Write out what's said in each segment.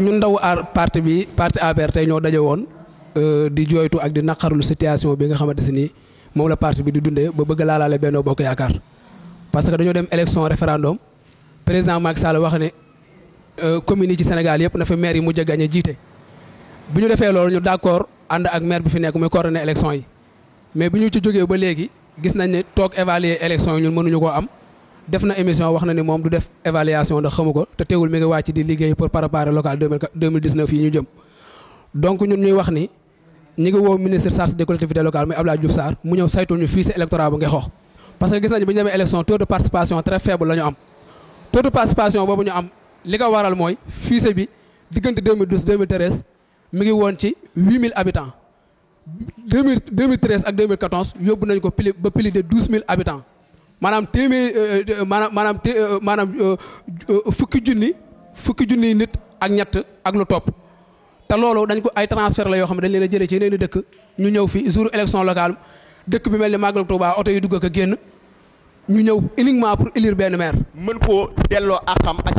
ñun ndaw aar parti bi parti APR tey ñoo daje woon euh, di jooytu ak di naqarlu situation bi nga xamante si nii moom la parti bi di dundee ba bëgg laalaale benn Bokk Yaakaar parce que dañoo dem élection référendum président Macky Sall wax ne euh, communes yi ci Sénégal yëpp na fa maire yi mujj a gagné jiite. bi ñu defee lool ñu d'accord ànd ak maire bi fi nekk muy coordonné élection yi mais bi ñu ci jógee ba léegi gis nañ ne toog évaluer élection yi ñun mënuñu koo am. def na émission wax na ni moom du def évaluation ndax xamu ko te teewul mi nga wàcc di liggéey pour préparer local 2019. yi ñu jëm donc ñun ñuy wax ni ñi ngi woo ministre chargé des collectivités locales muy Abdoulaye Diouf Sarr mu ñëw saytu ñu fii si bu parce que gis nañu bu ñu demee élection taux de participation très faible la am taux de participation boobu ñu am li nga waral mooy bi diggante 2012 2013 mi ngi woon ci 8000 habitants 2013 ak 2014 yóbbu nañ ko pili de 12000 habitants Madame Timi manam n'est agnate, fukki junni fukki junni nit ak ak lu dañ ko ay transfert la yo xam dañ a ci yeneen dëkk ñu ñëw fi jour élection locale dëkk bi melni Magal Touba auto yu dugg ak ñu pour élire ben maire. mën ko dello akam ak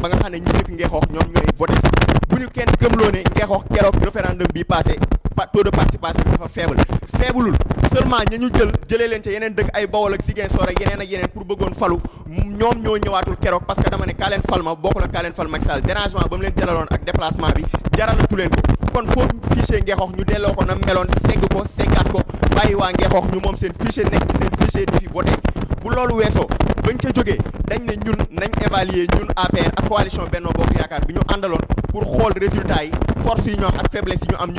ba nga ñu une si bu ñu kenn référendum bi passé taux de participation dafa faible seulement ña ñu jël jëlee leen ca yeneen dëkk ay Bawol ak Ziguinchor ak yeneen ak yeneen pour bëggoon falu ñoom ñoo ñëwaatul keroog parce dama ne kaa leen fal ma bokkul ak kaa dérangement ba mu leen jaraloon ak déplacement bi jaralatu ko kon foo fichier ngeexoox ñu delloo ko na meloon segg ko seggaat ko bàyyi waa ngeexoox ñu moom seen fichier nekk ci seen fichier di fi voté bu loolu weesoo bañ ca jógee dañ ne ñun nañ évaluer ñun APR ak coalition bi ñu àndaloon pour xool résultat yi force yi ñu am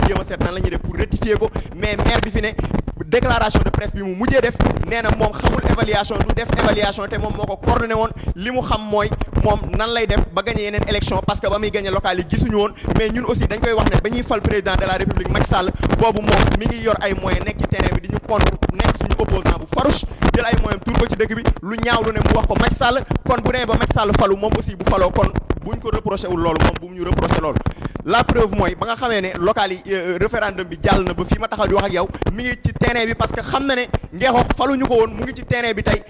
déclaration de presse bi mu mujjee def néna mom xamul évaluation du def évaluation té mom moko ko coordonné woon li xam moy mom nan lay def ba gagné yenen élection parce que ba muy gagné local yi gisuñu won mais ñun aussi dañ koy wax né ba ñuy fal président de la république Macky Sall bobu mom mi ngi yor ay moyens nek ci terrain bi di ñu contre nekk suñu opposant bu farouche jël ay moyens tour ko ci dëgg bi lu ñaaw lu ne mu wax ko Macky Sall kon bu nee ba Macky Sall falu mom aussi bu faloo kon buñ ko reproché wul lool mom bu ñu reproché lool la preuve moy ba nga xamé né local euh, euh, référendum bi jall na ba fi ma taxaw di wax ak yow mi ngi ci terrain bi parce que xam na ne ngeexoox faluñu ko won mu ngi ci terrain bi tey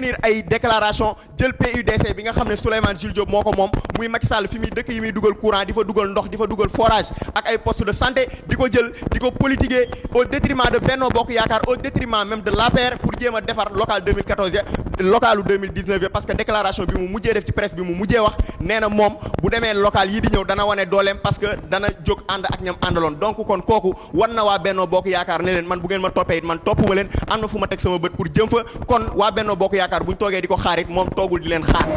tenir ay déclaration djel PUDC bi nga xamné ne Souleymane Jules Diop moo ko muy Macky Sall fi mi dëkk yi muy dugal courant difa fa ndox difa fa forage ak ay poste de santé diko djel diko politiquer au détriment de Benno Bokk yakar au détriment même de l'APR pour djema défar local 2014 localu 2019 parce que déclaration bi mu mujjé def ci presse bi mu mujjé wax néna mom bu démé local yi di ñëw dana wone dooleem parce que dana jog and ak ñam andalon donc kon koku wan na waa Benno Bokk yakar ne man bu ngeen ma topé man top ma len am fuma tek sama bëtt pour jëm fa kon wa Benno Bokk yaakaar bu ñu toogee di ko xaar it moom toogul di leen xaar